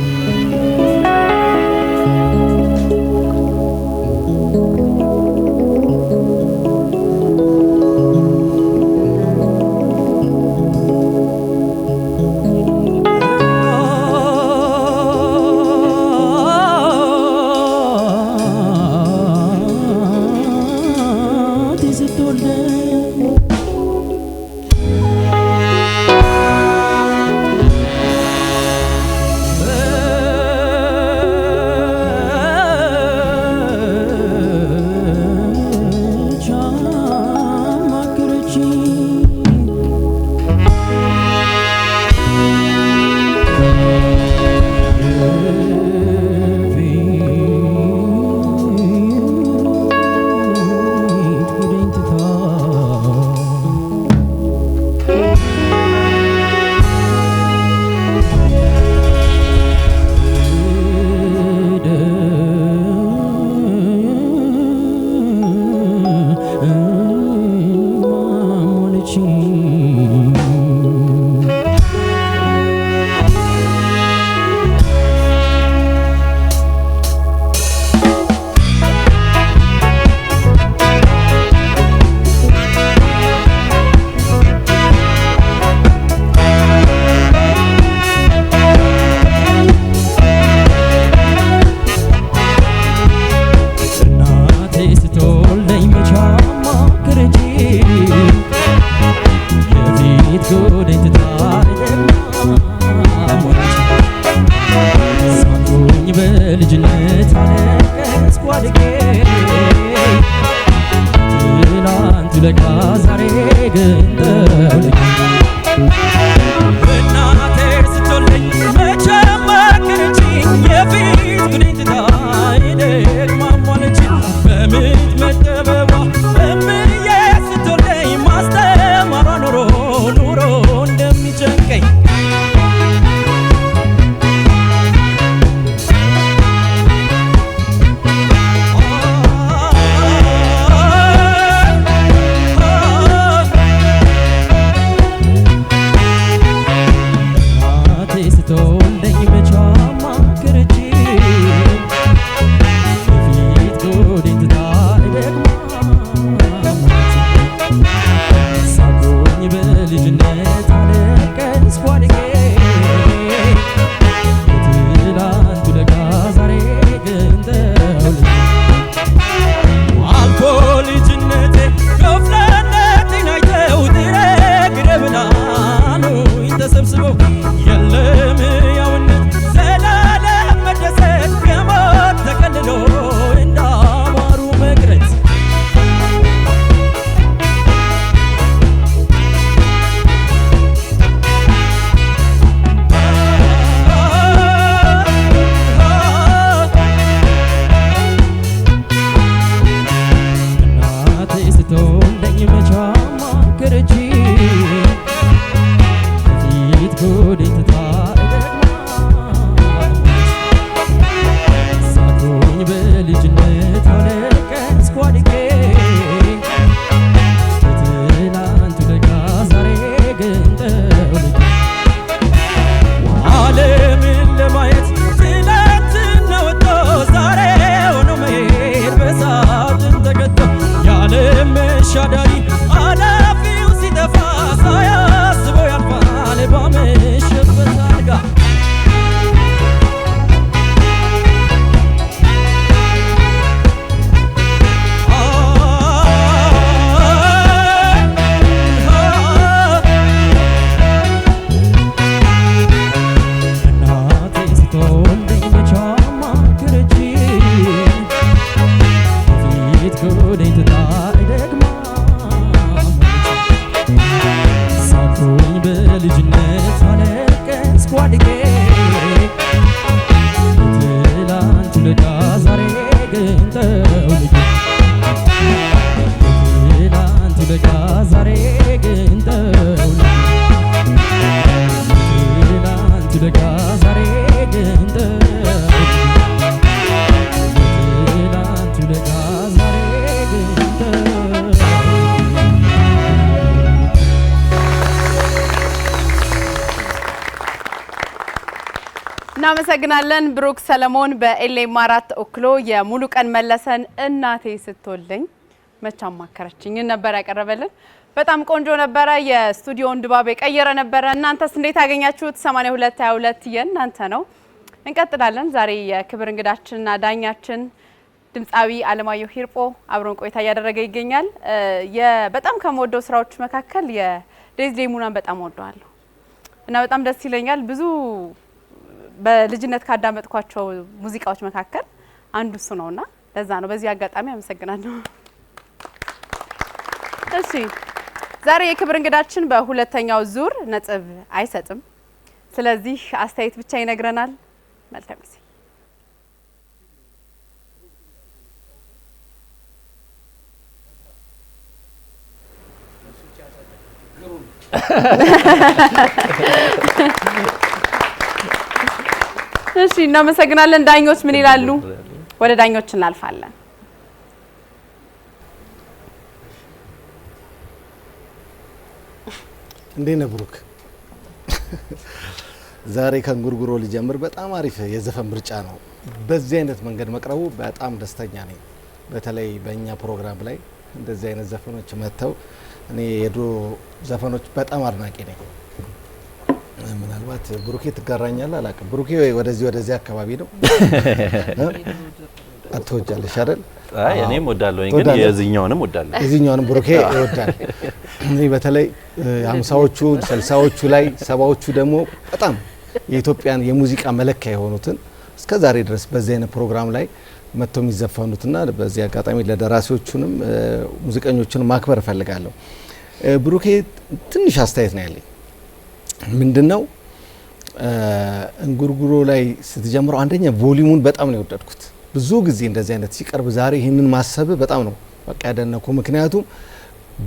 Thank you. ጎደኝ ትታየና በልጅነት ለካ ዛሬ ግን is what it አልተወለኝ መቻማ ከረች እናመሰግናለን ብሩክ ሰለሞን። በኤሌም አራት ኦክሎ የሙሉ ቀን መለሰን እናቴ ስትወልደኝ መቻ አማከረችኝን ነበር ያቀረበልን። በጣም ቆንጆ ነበረ። የስቱዲዮን ድባብ የቀየረ ነበረ። እናንተስ እንዴት አገኛችሁት? 8222 የእናንተ ነው። እንቀጥላለን። ዛሬ የክብር እንግዳችንና ዳኛችን ድምፃዊ አለማየሁ ሂርጶ አብሮን ቆይታ እያደረገ ይገኛል። በጣም ከምወደው ስራዎች መካከል ሙናን በጣም ወደዋለሁ እና በጣም ደስ ይለኛል ብዙ በልጅነት ካዳመጥኳቸው ሙዚቃዎች መካከል አንዱ እሱ ነው እና ለዛ ነው። በዚህ አጋጣሚ አመሰግናለሁ። እሺ ዛሬ የክብር እንግዳችን በሁለተኛው ዙር ነጥብ አይሰጥም፣ ስለዚህ አስተያየት ብቻ ይነግረናል። መልካም ጊዜ። እሺ፣ እናመሰግናለን። ዳኞች ምን ይላሉ? ወደ ዳኞች እናልፋለን። እንዴ ነብሩክ ዛሬ ከእንጉርጉሮ ሊጀምር በጣም አሪፍ የዘፈን ምርጫ ነው። በዚህ አይነት መንገድ መቅረቡ በጣም ደስተኛ ነኝ። በተለይ በእኛ ፕሮግራም ላይ እንደዚህ አይነት ዘፈኖች መጥተው እኔ የድሮ ዘፈኖች በጣም አድናቂ ነኝ። ምናልባት ብሩኬ ትጋራኛል አላውቅም። ብሩኬ ወደዚህ ወደዚህ አካባቢ ነው አትወጃለሽ አይደል? እኔም ወዳለሁኝ ግን የዚህኛውንም ወዳለሁ የዚህኛውንም ብሩኬ ይወዳል። እኔ በተለይ ሀምሳዎቹ ስልሳዎቹ ላይ ሰባዎቹ ደግሞ በጣም የኢትዮጵያን የሙዚቃ መለኪያ የሆኑትን እስከ ዛሬ ድረስ በዚህ አይነት ፕሮግራም ላይ መጥተው የሚዘፈኑትና በዚህ አጋጣሚ ለደራሲዎቹንም ሙዚቀኞቹን ማክበር እፈልጋለሁ። ብሩኬ ትንሽ አስተያየት ነው ያለኝ ምንድን ነው እንጉርጉሮ ላይ ስትጀምረው አንደኛ ቮሊሙን በጣም ነው የወደድኩት። ብዙ ጊዜ እንደዚህ አይነት ሲቀርብ ዛሬ ይህንን ማሰብ በጣም ነው በቃ ያደነኩ። ምክንያቱም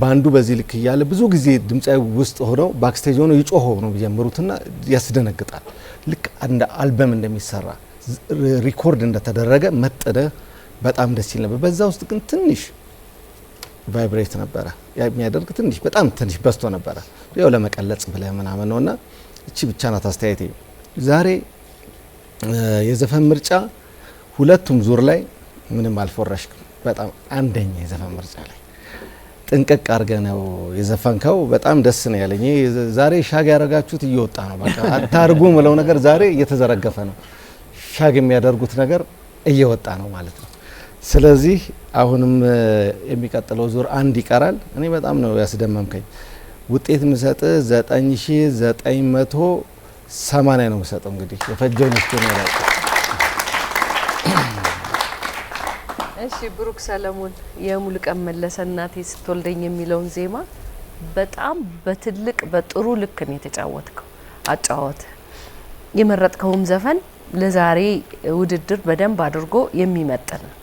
ባንዱ በዚህ ልክ እያለ ብዙ ጊዜ ድምፃዊ ውስጥ ሆነው ባክስቴጅ ሆነው ይጮሆ ነው ጀምሩትና ያስደነግጣል። ልክ እንደ አልበም እንደሚሰራ ሪኮርድ እንደተደረገ መጠደ በጣም ደስ ይል ነበር። በዛ ውስጥ ግን ትንሽ ቫይብሬት ነበረ የሚያደርግ ትንሽ በጣም ትንሽ በስቶ ነበረ። ያው ለመቀለጽ ብለህ ምናምን ነው እና እቺ ብቻ ናት አስተያየቴ። ዛሬ የዘፈን ምርጫ ሁለቱም ዙር ላይ ምንም አልፎረሽክም። በጣም አንደኛ የዘፈን ምርጫ ላይ ጥንቅቅ አድርገ ነው የዘፈንከው። በጣም ደስ ነው ያለኝ። ዛሬ ሻግ ያደረጋችሁት እየወጣ ነው። በቃ አታርጉ ምለው ነገር ዛሬ እየተዘረገፈ ነው። ሻግ የሚያደርጉት ነገር እየወጣ ነው ማለት ነው። ስለዚህ አሁንም የሚቀጥለው ዙር አንድ ይቀራል። እኔ በጣም ነው ያስደመምከኝ። ውጤት ምሰጥ ሰማኒያ ነው ምሰጠው። እንግዲህ የፈጀውን ስ ነው እሺ ብሩክ ሰለሞን የሙሉቀን መለሰ እናቴ ስትወልደኝ የሚለውን ዜማ በጣም በትልቅ በጥሩ ልክ ነው የተጫወትከው። አጫወት የመረጥከውም ዘፈን ለዛሬ ውድድር በደንብ አድርጎ የሚመጥን ነው።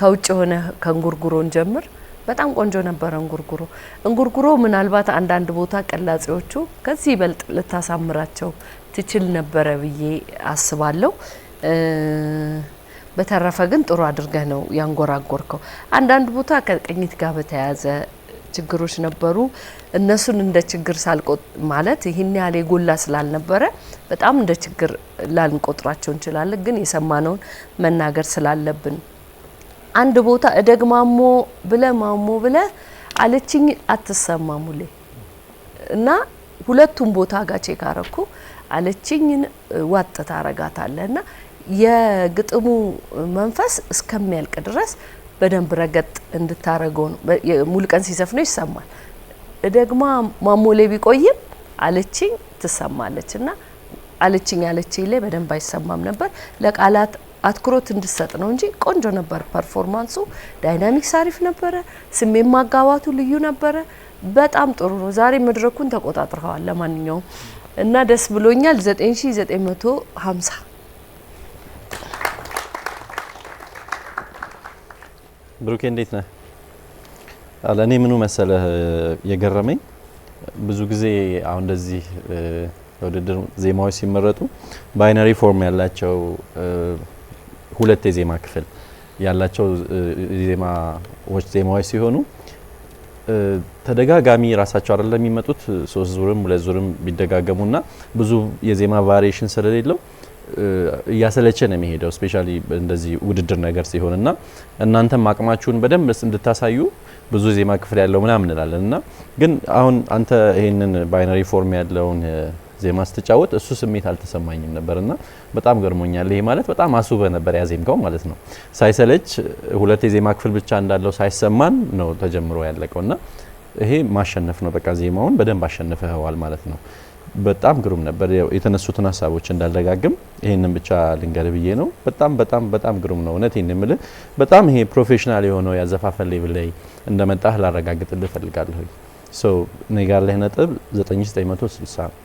ከውጭ የሆነ ከእንጉርጉሮ እንጀምር። በጣም ቆንጆ ነበረ እንጉርጉሮ። እንጉርጉሮ ምናልባት አንዳንድ ቦታ ቀላጺዎቹ ከዚህ ይበልጥ ልታሳምራቸው ትችል ነበረ ብዬ አስባለሁ። በተረፈ ግን ጥሩ አድርገህ ነው ያንጎራጎርከው። አንዳንድ ቦታ ከቅኝት ጋር በተያያዘ ችግሮች ነበሩ። እነሱን እንደ ችግር ሳልቆጥ ማለት ይህን ያህል የጎላ ስላልነበረ በጣም እንደ ችግር ላልንቆጥራቸው እንችላለን። ግን የሰማነውን መናገር ስላለብን አንድ ቦታ እደግ ማሞ ብለ ማሞ ብለ አለችኝ አትሰማም ሁሌ እና ሁለቱም ቦታ ጋር ቼክ አረኩ አለችኝን ዋጥ ታረጋታለ እና የግጥሙ መንፈስ እስከሚያልቅ ድረስ በደንብ ረገጥ እንድታረገው ነው። ሙሉ ሲዘፍነው ይሰማል። ደግማ ማሞሌ ቢቆይም አለችኝ ትሰማለች እና አለችኝ አለችኝ ላይ በደንብ አይሰማም ነበር። ለቃላት አትኩሮት እንድሰጥ ነው እንጂ ቆንጆ ነበር ፐርፎርማንሱ። ዳይናሚክስ አሪፍ ነበረ። ስሜት ማጋባቱ ልዩ ነበረ። በጣም ጥሩ ነው። ዛሬ መድረኩን ተቆጣጥረዋል። ለማንኛውም እና ደስ ብሎኛል። 9ሺ9 9950 ብሩኬ እንዴት ነህ? እኔ ምኑ መሰለህ የገረመኝ ብዙ ጊዜ አሁን እንደዚህ የውድድር ዜማዎች ሲመረጡ ባይነሪ ፎርም ያላቸው ሁለት የዜማ ክፍል ያላቸው ዜማዎች ዜማዎች ሲሆኑ ተደጋጋሚ ራሳቸው አይደለም የሚመጡት ሶስት ዙርም ሁለት ዙርም ቢደጋገሙና ብዙ የዜማ ቫሪሽን ስለሌለው እያሰለቸ ነው የሚሄደው። ስፔሻሊ እንደዚህ ውድድር ነገር ሲሆን እና እናንተም አቅማችሁን በደንብ እንድታሳዩ ብዙ ዜማ ክፍል ያለው ምናምን እንላለን እና ግን አሁን አንተ ይህንን ባይነሪ ፎርም ያለውን ዜማ ስትጫወት እሱ ስሜት አልተሰማኝም ነበር እና በጣም ገርሞኛል። ይሄ ማለት በጣም አስውበ ነበር ያዜምከው ማለት ነው። ሳይሰለች ሁለት የዜማ ክፍል ብቻ እንዳለው ሳይሰማን ነው ተጀምሮ ያለቀው እና ይሄ ማሸነፍ ነው። በቃ ዜማውን በደንብ አሸንፈዋል ማለት ነው። በጣም ግሩም ነበር። የተነሱትን ሀሳቦች እንዳልደጋግም ይህንን ብቻ ልንገር ብዬ ነው። በጣም በጣም በጣም ግሩም ነው። እውነት የምልህ በጣም ይሄ ፕሮፌሽናል የሆነው ያዘፋፈን ሌቭል ላይ እንደመጣህ ላረጋግጥልህ እፈልጋለሁ። ሶ እኔ ጋር ላይ ነጥብ 9960 ነው።